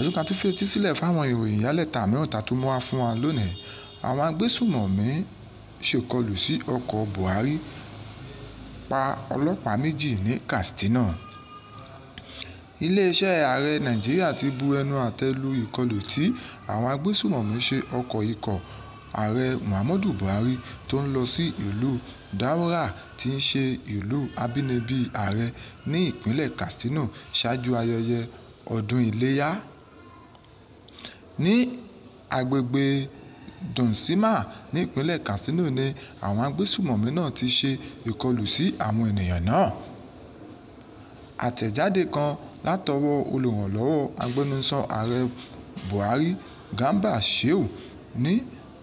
ẹ̀sùn kan tí fetí sílẹ̀ fáwọn ìròyìn ìyálẹ̀ta mìíràn ta tó mú wá fún wa lónìí àwọn agbésùmọ̀mí ṣèkọlù sí ọkọ̀ Buhari pa ọlọ́pàá méjì ní Katsina iléeṣẹ́ ààrẹ Nàìjíríà ti bu ẹnu àtẹ́ lu ìkọlù tí àwọn agbésùmọ̀mí ṣe ọkọ̀ ikọ̀ ààrẹ Muhammadu Buhari tó ń lọ sí ìlú Daura tí ń ṣe ìlú abínibí ààrẹ ní ìpínlẹ̀ Katsina ṣáájú ayẹyẹ ọdún Iléyá ní agbègbè donsima nípínlẹ̀ katsina ni àwọn agbésùmọ̀mí náà ti ṣe ìkọlù sí àwọn ènìyàn náà àtẹ̀jáde kan látọwọ́ olùrànlọ́wọ́ agbẹnusọ ààrẹ buhari garba sheu ní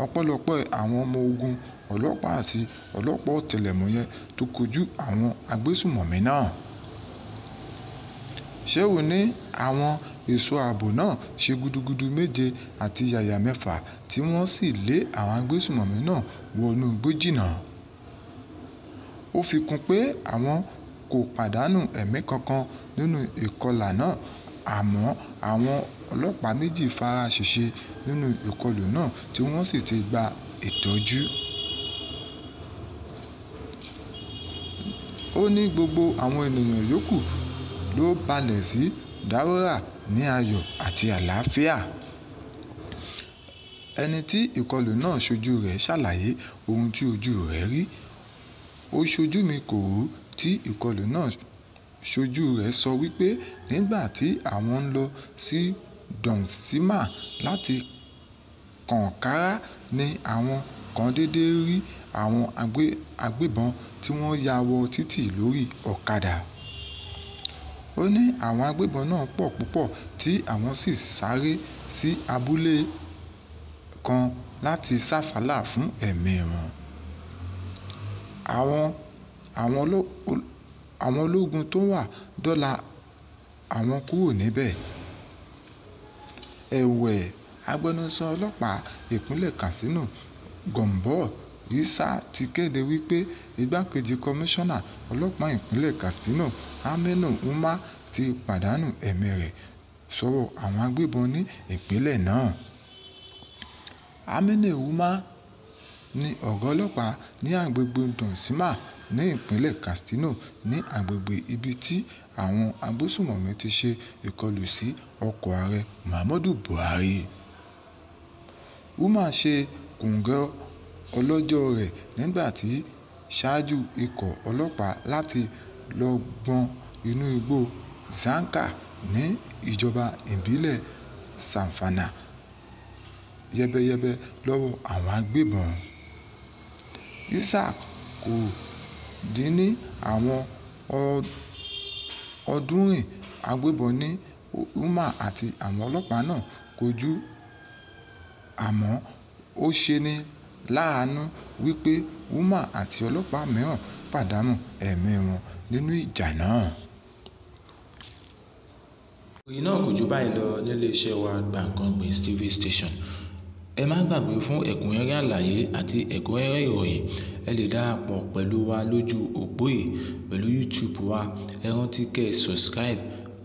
ọpẹ́lọpẹ́ àwọn ọmọ ogun ọlọ́pàá àti ọlọ́pàá ọ̀tẹlẹ̀múyẹ́ tó kojú àwọn agbésùmọ̀mí náà Ṣéhù ní àwọn ẹ̀ṣọ́ ààbò náà ṣe gudugudu méje àti yàyà mẹ́fà tí wọ́n sì lé àwọn agbésùmọ̀mí náà wọ inú igbó jìnnà. Ó fi kún pé àwọn kò pàdánù ẹ̀mí kankan nínú ìkọlà náà àmọ́ àwọn ọlọ́pàá méjì fara ṣèṣe nínú ìkọlù náà tí wọ́n sì ti gba ìtọ́jú. Ó ní gbogbo àwọn ènìyàn yòókù ló balẹ̀ sí Daura ní ayọ̀ àti àlàáfíà. Ẹni tí ìkọlù náà ṣojú rẹ̀ ṣàlàyé ohun tí ojú rẹ̀ rí. "Oṣojú mi kò rò ó tí ìkọlù náà ṣojú rẹ̀ sọ wípé nígbà tí àwọn ń lọ sí Donggala láti Kankara ni àwọn kan dédé rí àwọn agbébọn tí wọ́n ya wọ títì lórí ọ̀kadà ó ní àwọn agbébọn náà pọ̀ púpọ̀ tí àwọn sì sáré sí abúlé kan láti sáfàlà fún ẹ̀mí wọn. àwọn àwọn ológun tó wà dọ́là àwọn kúrò níbẹ̀. ẹ̀wẹ̀ agbẹnusọ ọlọ́pàá ìpínlẹ̀ katsina gọ̀ǹbọ́ issa ti kéde wípé igbákejì kọmíṣánná ọlọ́pàá ìpínlẹ̀ katsina aminu umar ti pàdánù ẹ̀mí rẹ̀ sọ́wọ́ àwọn agbébọn ní ìpínlẹ̀ náà. aminu umar ni ọ̀gá ọlọ́pàá ní agbègbè donsima ní ìpínlẹ̀ katsina ní agbègbè ibi tí àwọn agbésùmọ̀mí ti ṣe ìkọlù sí ọkọ̀ ààrẹ muhammadu buhari. umar ṣe kòǹgẹ́ ọlọ́jọ́ rẹ̀ nígbà tí ṣáájú ikọ̀ ọlọ́pàá láti lọ́gbọn inú igbó Zanka ní ìjọba ìbílẹ̀ Savannah yẹ́bẹ́yẹ́bẹ́ lọ́wọ́ àwọn agbébọn. Isaac kò dín ní àwọn ọ̀ọ́dúnrìn agbébọn ní Ummah àti àwọn ọlọ́pàá náà kọjú àmọ́ ó ṣeni láàánú wípé Ouma àti ọlọ́pàá mìíràn pàdánù ẹ̀mí wọn nínú ìjà náà. ìròyìn náà kò jù báyìí lọ níléeṣẹ́ wa Gbankanbi TV station ẹ má gbàgbé fún ẹ̀kúnrẹ́rẹ́ àlàyé àti ẹ̀kúnrẹ́rẹ́ ìròyìn ẹ lè darapọ̀ pẹ̀lú wa lójú òpó yìí pẹ̀lú YouTube wa ẹ rántí kẹ́ ẹ subscribe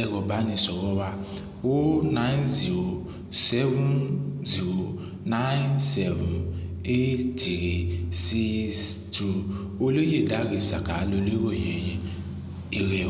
ẹ̀rọ ìbánisọ̀rọ̀ wa o nine zero seven zero nine seven eight three six two. Olóyèdárì Sàká lolóròyìn yín. Ire o.